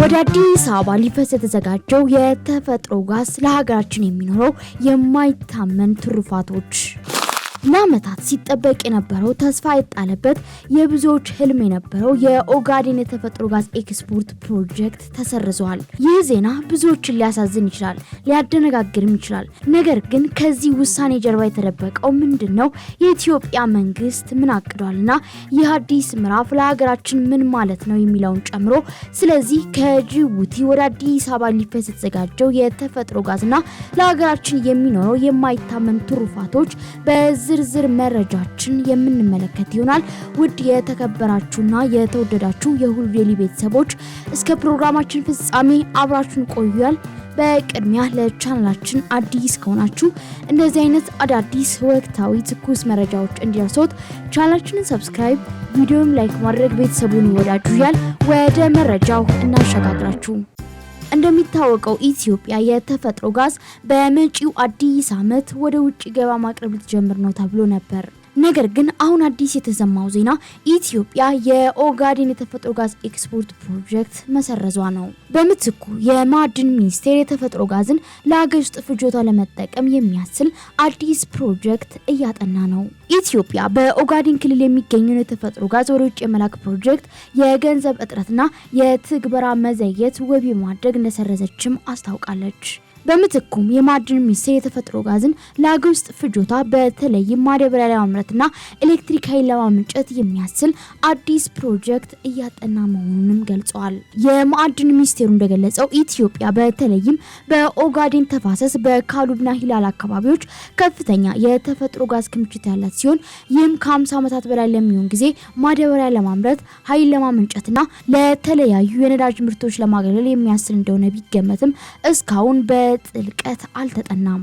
ወደ አዲስ አበባ ሊፈስ የተዘጋጀው የተፈጥሮ ጋዝ ለሀገራችን የሚኖረው የማይታመን ትሩፋቶች ለአመታት ሲጠበቅ የነበረው ተስፋ የጣለበት የብዙዎች ህልም የነበረው የኦጋዴን የተፈጥሮ ጋዝ ኤክስፖርት ፕሮጀክት ተሰርዘዋል። ይህ ዜና ብዙዎችን ሊያሳዝን ይችላል፣ ሊያደነጋግርም ይችላል። ነገር ግን ከዚህ ውሳኔ ጀርባ የተደበቀው ምንድን ነው? የኢትዮጵያ መንግስት ምን አቅዷልና ይህ አዲስ ምዕራፍ ለሀገራችን ምን ማለት ነው የሚለውን ጨምሮ ስለዚህ ከጅቡቲ ወደ አዲስ አበባ ሊፈስ የተዘጋጀው የተፈጥሮ ጋዝና ለሀገራችን የሚኖረው የማይታመን ትሩፋቶች በዚ ዝርዝር መረጃችን የምንመለከት ይሆናል። ውድ የተከበራችሁና የተወደዳችሁ የሁሉ ዴይሊ ቤተሰቦች እስከ ፕሮግራማችን ፍጻሜ አብራችሁን ቆዩያል። በቅድሚያ ለቻናላችን አዲስ ከሆናችሁ እንደዚህ አይነት አዳዲስ ወቅታዊ ትኩስ መረጃዎች እንዲደርሶት ቻናላችንን ሰብስክራይብ፣ ቪዲዮም ላይክ ማድረግ ቤተሰቡን ይወዳጁያል። ወደ መረጃው እናሸጋግራችሁ። እንደሚታወቀው ኢትዮጵያ የተፈጥሮ ጋዝ በመጪው አዲስ ዓመት ወደ ውጭ ገበያ ማቅረብ ልትጀምር ነው ተብሎ ነበር። ነገር ግን አሁን አዲስ የተሰማው ዜና ኢትዮጵያ የኦጋዴን የተፈጥሮ ጋዝ ኤክስፖርት ፕሮጀክት መሰረዟ ነው። በምትኩ የማዕድን ሚኒስቴር የተፈጥሮ ጋዝን ለአገር ውስጥ ፍጆታ ለመጠቀም የሚያስችል አዲስ ፕሮጀክት እያጠና ነው። ኢትዮጵያ በኦጋዴን ክልል የሚገኘውን የተፈጥሮ ጋዝ ወደ ውጭ የመላክ ፕሮጀክት የገንዘብ እጥረትና የትግበራ መዘየት ወቢ ማድረግ እንደሰረዘችም አስታውቃለች። በምትኩም የማዕድን ሚኒስቴር የተፈጥሮ ጋዝን ለሀገር ውስጥ ፍጆታ በተለይም ማዳበሪያ ለማምረትና ኤሌክትሪክ ኃይል ለማመንጨት የሚያስችል አዲስ ፕሮጀክት እያጠና መሆኑንም ገልጸዋል። የማዕድን ሚኒስቴሩ እንደገለጸው ኢትዮጵያ በተለይም በኦጋዴን ተፋሰስ በካሉብና ሂላል አካባቢዎች ከፍተኛ የተፈጥሮ ጋዝ ክምችት ያላት ሲሆን ይህም ከ50 ዓመታት በላይ ለሚሆን ጊዜ ማዳበሪያ ለማምረት ኃይል ለማመንጨትና ለተለያዩ የነዳጅ ምርቶች ለማገልገል የሚያስችል እንደሆነ ቢገመትም እስካሁን በ በጥልቀት አልተጠናም።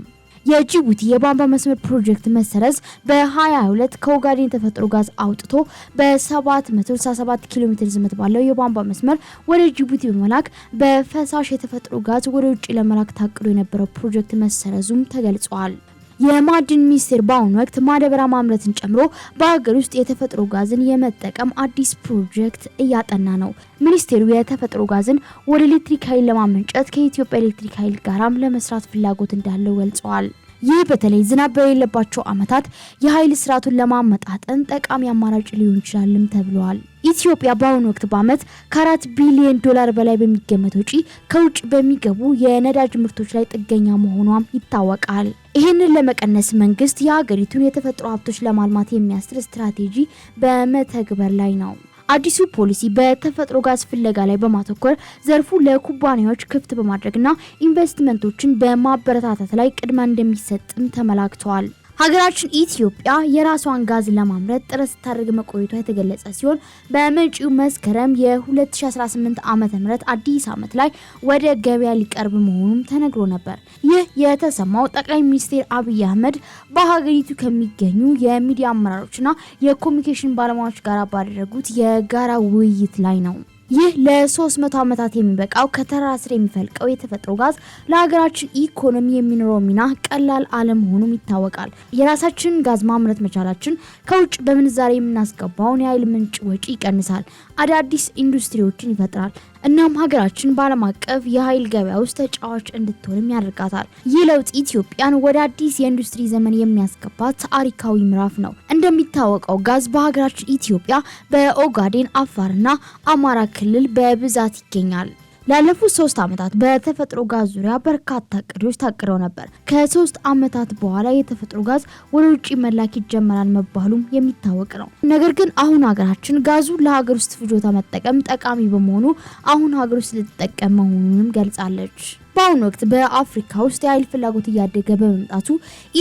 የጅቡቲ የቧንቧ መስመር ፕሮጀክት መሰረዝ በ22 ከኦጋዴን ተፈጥሮ ጋዝ አውጥቶ በ767 ኪሎ ሜትር ዝመት ባለው የቧንቧ መስመር ወደ ጅቡቲ በመላክ በፈሳሽ የተፈጥሮ ጋዝ ወደ ውጭ ለመላክ ታቅዶ የነበረው ፕሮጀክት መሰረዙም ተገልጿል። የማዕድን ሚኒስቴር በአሁኑ ወቅት ማዳበሪያ ማምረትን ጨምሮ በሀገር ውስጥ የተፈጥሮ ጋዝን የመጠቀም አዲስ ፕሮጀክት እያጠና ነው። ሚኒስቴሩ የተፈጥሮ ጋዝን ወደ ኤሌክትሪክ ኃይል ለማመንጨት ከኢትዮጵያ ኤሌክትሪክ ኃይል ጋራም ለመስራት ፍላጎት እንዳለው ገልጸዋል። ይህ በተለይ ዝናብ በሌለባቸው ዓመታት የኃይል ስርዓቱን ለማመጣጠን ጠቃሚ አማራጭ ሊሆን ይችላልም ተብለዋል። ኢትዮጵያ በአሁኑ ወቅት በአመት ከአራት ቢሊዮን ዶላር በላይ በሚገመት ውጪ ከውጭ በሚገቡ የነዳጅ ምርቶች ላይ ጥገኛ መሆኗም ይታወቃል። ይህንን ለመቀነስ መንግስት የሀገሪቱን የተፈጥሮ ሀብቶች ለማልማት የሚያስችል ስትራቴጂ በመተግበር ላይ ነው። አዲሱ ፖሊሲ በተፈጥሮ ጋዝ ፍለጋ ላይ በማተኮር ዘርፉ ለኩባንያዎች ክፍት በማድረግና ኢንቨስትመንቶችን በማበረታታት ላይ ቅድማ እንደሚሰጥም ተመላክተዋል። ሀገራችን ኢትዮጵያ የራሷን ጋዝ ለማምረት ጥረት ስታደርግ መቆየቷ የተገለጸ ሲሆን በመጪው መስከረም የ2018 ዓ ም አዲስ ዓመት ላይ ወደ ገበያ ሊቀርብ መሆኑም ተነግሮ ነበር። ይህ የተሰማው ጠቅላይ ሚኒስትር አብይ አህመድ በሀገሪቱ ከሚገኙ የሚዲያ አመራሮችና የኮሚኒኬሽን ባለሙያዎች ጋር ባደረጉት የጋራ ውይይት ላይ ነው። ይህ ለ300 ዓመታት የሚበቃው ከተራ ስር የሚፈልቀው የተፈጥሮ ጋዝ ለሀገራችን ኢኮኖሚ የሚኖረው ሚና ቀላል አለመሆኑም ይታወቃል። የራሳችንን ጋዝ ማምረት መቻላችን ከውጭ በምንዛሬ የምናስገባውን የኃይል ምንጭ ወጪ ይቀንሳል። አዳዲስ ኢንዱስትሪዎችን ይፈጥራል። እናም ሀገራችን በዓለም አቀፍ የኃይል ገበያ ውስጥ ተጫዋች እንድትሆንም ያደርጋታል። ይህ ለውጥ ኢትዮጵያን ወደ አዲስ የኢንዱስትሪ ዘመን የሚያስገባ ታሪካዊ ምዕራፍ ነው። እንደሚታወቀው ጋዝ በሀገራችን ኢትዮጵያ በኦጋዴን፣ አፋርና አማራ ክልል በብዛት ይገኛል። ላለፉት ሶስት ዓመታት በተፈጥሮ ጋዝ ዙሪያ በርካታ እቅዶች ታቅደው ነበር። ከሶስት ዓመታት በኋላ የተፈጥሮ ጋዝ ወደ ውጭ መላክ ይጀመራል መባሉም የሚታወቅ ነው። ነገር ግን አሁን ሀገራችን ጋዙ ለሀገር ውስጥ ፍጆታ መጠቀም ጠቃሚ በመሆኑ አሁን ሀገር ውስጥ ልትጠቀም መሆኑንም ገልጻለች። በአሁኑ ወቅት በአፍሪካ ውስጥ የኃይል ፍላጎት እያደገ በመምጣቱ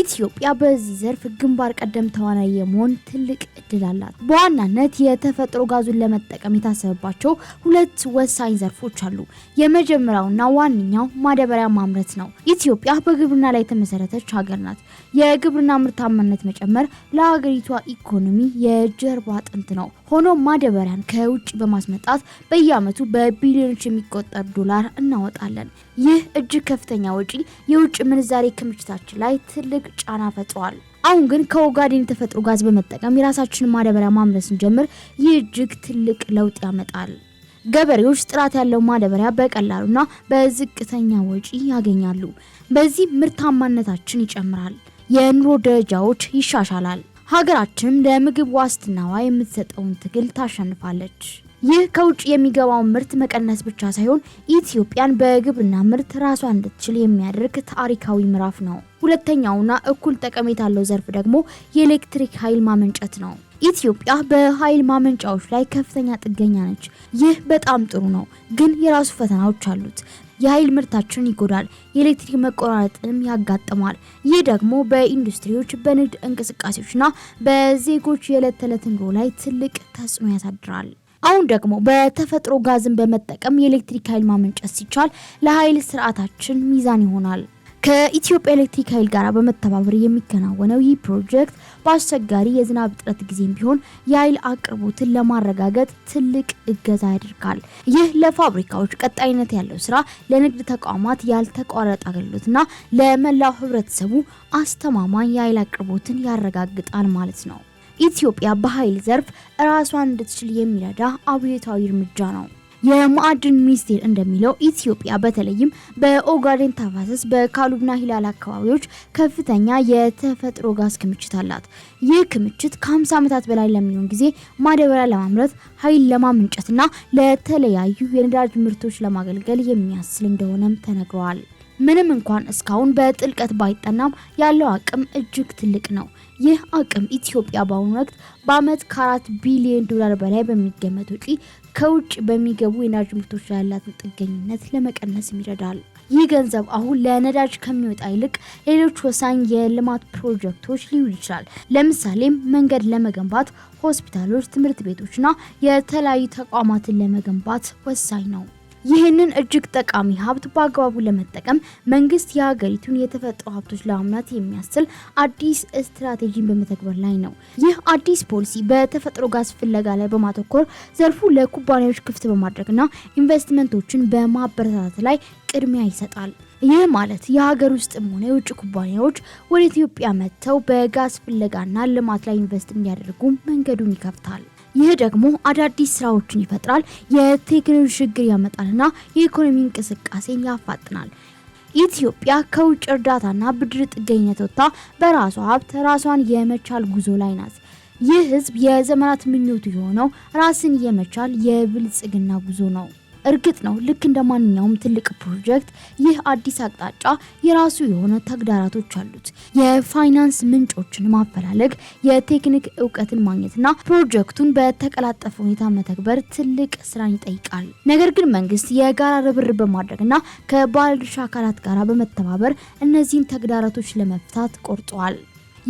ኢትዮጵያ በዚህ ዘርፍ ግንባር ቀደም ተዋናይ የመሆን ትልቅ እድል አላት። በዋናነት የተፈጥሮ ጋዙን ለመጠቀም የታሰበባቸው ሁለት ወሳኝ ዘርፎች አሉ። የመጀመሪያውና ዋነኛው ማዳበሪያ ማምረት ነው። ኢትዮጵያ በግብርና ላይ የተመሰረተች ሀገር ናት። የግብርና ምርታማነት መጨመር ለሀገሪቷ ኢኮኖሚ የጀርባ አጥንት ነው። ሆኖም ማዳበሪያን ከውጭ በማስመጣት በየዓመቱ በቢሊዮኖች የሚቆጠር ዶላር እናወጣለን። ይህ ይህ እጅግ ከፍተኛ ወጪ የውጭ ምንዛሬ ክምችታችን ላይ ትልቅ ጫና ፈጥሯል። አሁን ግን ከኦጋዴን የተፈጥሮ ጋዝ በመጠቀም የራሳችንን ማዳበሪያ ማምረት ስንጀምር ይህ እጅግ ትልቅ ለውጥ ያመጣል። ገበሬዎች ጥራት ያለው ማዳበሪያ በቀላሉና በዝቅተኛ ወጪ ያገኛሉ። በዚህ ምርታማነታችን ይጨምራል፣ የኑሮ ደረጃዎች ይሻሻላል። ሀገራችንም ለምግብ ዋስትናዋ የምትሰጠውን ትግል ታሸንፋለች። ይህ ከውጭ የሚገባውን ምርት መቀነስ ብቻ ሳይሆን ኢትዮጵያን በግብርና ምርት ራሷ እንድትችል የሚያደርግ ታሪካዊ ምዕራፍ ነው። ሁለተኛውና እኩል ጠቀሜታ ያለው ዘርፍ ደግሞ የኤሌክትሪክ ኃይል ማመንጨት ነው። ኢትዮጵያ በኃይል ማመንጫዎች ላይ ከፍተኛ ጥገኛ ነች። ይህ በጣም ጥሩ ነው፣ ግን የራሱ ፈተናዎች አሉት። የኃይል ምርታችን ይጎዳል፣ የኤሌክትሪክ መቆራረጥንም ያጋጥማል። ይህ ደግሞ በኢንዱስትሪዎች በንግድ እንቅስቃሴዎችና በዜጎች የዕለት ተዕለት ኑሮ ላይ ትልቅ ተጽዕኖ ያሳድራል። አሁን ደግሞ በተፈጥሮ ጋዝን በመጠቀም የኤሌክትሪክ ኃይል ማመንጨት ሲቻል ለኃይል ስርዓታችን ሚዛን ይሆናል። ከኢትዮጵያ ኤሌክትሪክ ኃይል ጋር በመተባበር የሚከናወነው ይህ ፕሮጀክት በአስቸጋሪ የዝናብ እጥረት ጊዜም ቢሆን የኃይል አቅርቦትን ለማረጋገጥ ትልቅ እገዛ ያደርጋል። ይህ ለፋብሪካዎች ቀጣይነት ያለው ስራ፣ ለንግድ ተቋማት ያልተቋረጠ አገልግሎትና ለመላው ህብረተሰቡ አስተማማኝ የኃይል አቅርቦትን ያረጋግጣል ማለት ነው። ኢትዮጵያ በኃይል ዘርፍ ራሷን እንድትችል የሚረዳ አብዮታዊ እርምጃ ነው። የማዕድን ሚኒስቴር እንደሚለው ኢትዮጵያ በተለይም በኦጋዴን ተፋሰስ በካሉብና ሂላል አካባቢዎች ከፍተኛ የተፈጥሮ ጋዝ ክምችት አላት። ይህ ክምችት ከ50 ዓመታት በላይ ለሚሆን ጊዜ ማዳበሪያ ለማምረት፣ ኃይል ለማመንጨትና ለተለያዩ የነዳጅ ምርቶች ለማገልገል የሚያስችል እንደሆነም ተነግረዋል። ምንም እንኳን እስካሁን በጥልቀት ባይጠናም ያለው አቅም እጅግ ትልቅ ነው። ይህ አቅም ኢትዮጵያ በአሁኑ ወቅት በዓመት ከአራት ቢሊዮን ዶላር በላይ በሚገመት ውጪ ከውጭ በሚገቡ የነዳጅ ምርቶች ላይ ያላትን ጥገኝነት ለመቀነስ ይረዳል። ይህ ገንዘብ አሁን ለነዳጅ ከሚወጣ ይልቅ ሌሎች ወሳኝ የልማት ፕሮጀክቶች ሊውል ይችላል። ለምሳሌም መንገድ ለመገንባት፣ ሆስፒታሎች፣ ትምህርት ቤቶችና የተለያዩ ተቋማትን ለመገንባት ወሳኝ ነው። ይህንን እጅግ ጠቃሚ ሀብት በአግባቡ ለመጠቀም መንግስት የሀገሪቱን የተፈጥሮ ሀብቶች ለማምናት የሚያስችል አዲስ ስትራቴጂን በመተግበር ላይ ነው። ይህ አዲስ ፖሊሲ በተፈጥሮ ጋዝ ፍለጋ ላይ በማተኮር ዘርፉ ለኩባንያዎች ክፍት በማድረግና ኢንቨስትመንቶችን በማበረታታት ላይ ቅድሚያ ይሰጣል። ይህ ማለት የሀገር ውስጥም ሆነ የውጭ ኩባንያዎች ወደ ኢትዮጵያ መጥተው በጋዝ ፍለጋና ልማት ላይ ኢንቨስት እንዲያደርጉ መንገዱን ይከፍታል። ይህ ደግሞ አዳዲስ ስራዎችን ይፈጥራል፣ የቴክኖሎጂ ሽግግር ያመጣልና የኢኮኖሚ እንቅስቃሴን ያፋጥናል። ኢትዮጵያ ከውጭ እርዳታና ብድር ጥገኝነት ወጥታ በራሷ ሀብት ራሷን የመቻል ጉዞ ላይ ናት። ይህ ህዝብ የዘመናት ምኞቱ የሆነው ራስን የመቻል የብልጽግና ጉዞ ነው። እርግጥ ነው ልክ እንደ ማንኛውም ትልቅ ፕሮጀክት ይህ አዲስ አቅጣጫ የራሱ የሆነ ተግዳራቶች አሉት። የፋይናንስ ምንጮችን ማፈላለግ፣ የቴክኒክ እውቀትን ማግኘትና ፕሮጀክቱን በተቀላጠፈ ሁኔታ መተግበር ትልቅ ስራን ይጠይቃል። ነገር ግን መንግስት የጋራ ርብርብ በማድረግና ከባለድርሻ አካላት ጋር በመተባበር እነዚህን ተግዳራቶች ለመፍታት ቆርጠዋል።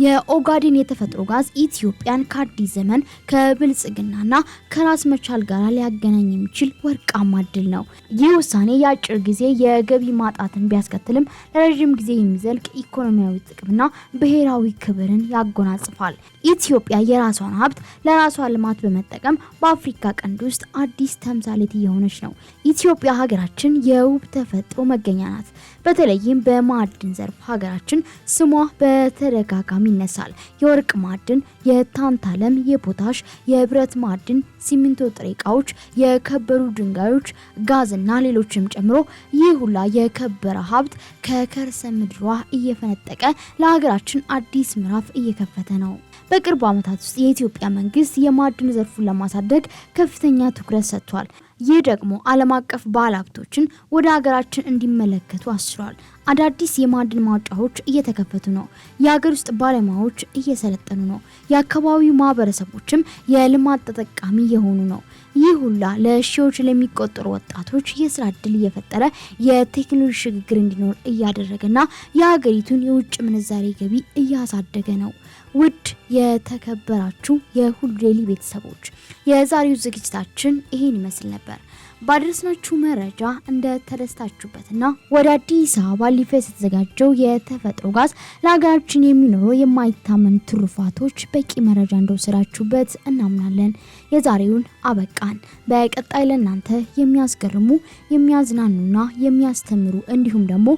የኦጋዴን የተፈጥሮ ጋዝ ኢትዮጵያን ከአዲስ ዘመን ከብልጽግናና ከራስ መቻል ጋር ሊያገናኝ የሚችል ወርቃማ እድል ነው። ይህ ውሳኔ የአጭር ጊዜ የገቢ ማጣትን ቢያስከትልም ለረዥም ጊዜ የሚዘልቅ ኢኮኖሚያዊ ጥቅምና ብሔራዊ ክብርን ያጎናጽፋል። ኢትዮጵያ የራሷን ሀብት ለራሷ ልማት በመጠቀም በአፍሪካ ቀንድ ውስጥ አዲስ ተምሳሌት እየሆነች ነው። ኢትዮጵያ ሀገራችን የውብ ተፈጥሮ መገኛ ናት። በተለይም በማዕድን ዘርፍ ሀገራችን ስሟ በተደጋጋሚ ይነሳል። የወርቅ ማዕድን፣ የታንታለም፣ የፖታሽ፣ የብረት ማዕድን፣ ሲሚንቶ፣ ጥሬ እቃዎች፣ የከበሩ ድንጋዮች፣ ጋዝና ሌሎችም ጨምሮ ይህ ሁላ የከበረ ሀብት ከከርሰ ምድሯ እየፈነጠቀ ለሀገራችን አዲስ ምዕራፍ እየከፈተ ነው። በቅርብ ዓመታት ውስጥ የኢትዮጵያ መንግስት የማዕድን ዘርፉን ለማሳደግ ከፍተኛ ትኩረት ሰጥቷል። ይህ ደግሞ ዓለም አቀፍ ባለሀብቶችን ወደ ሀገራችን እንዲመለከቱ አስችሏል። አዳዲስ የማዕድን ማውጫዎች እየተከፈቱ ነው። የሀገር ውስጥ ባለሙያዎች እየሰለጠኑ ነው። የአካባቢው ማህበረሰቦችም የልማት ተጠቃሚ የሆኑ ነው። ይህ ሁላ ለሺዎች ለሚቆጠሩ ወጣቶች የስራ እድል እየፈጠረ የቴክኖሎጂ ሽግግር እንዲኖር እያደረገና የሀገሪቱን የውጭ ምንዛሬ ገቢ እያሳደገ ነው። ውድ የተከበራችሁ የሁሉ ዴይሊ ቤተሰቦች የዛሬው ዝግጅታችን ይሄን ይመስል ነበር። ባደረስናችሁ መረጃ እንደ ተደስታችሁበትና ወደ አዲስ አበባ ሊፈስ የተዘጋጀው የተፈጥሮ ጋዝ ለሀገራችን የሚኖረው የማይታመን ትሩፋቶች በቂ መረጃ እንደወሰዳችሁበት እናምናለን። የዛሬውን አበቃን። በቀጣይ ለእናንተ የሚያስገርሙ የሚያዝናኑና የሚያስተምሩ እንዲሁም ደግሞ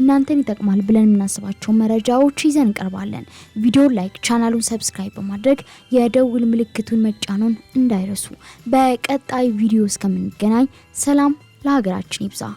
እናንተን ይጠቅማል ብለን የምናስባቸው መረጃዎች ይዘን እንቀርባለን። ቪዲዮ ላይክ፣ ቻናሉን ሰብስክራይብ በማድረግ የደውል ምልክቱን መጫኑን እንዳይረሱ። በቀጣይ ቪዲዮ እስከምንገናኝ ሰላም ለሀገራችን ይብዛ።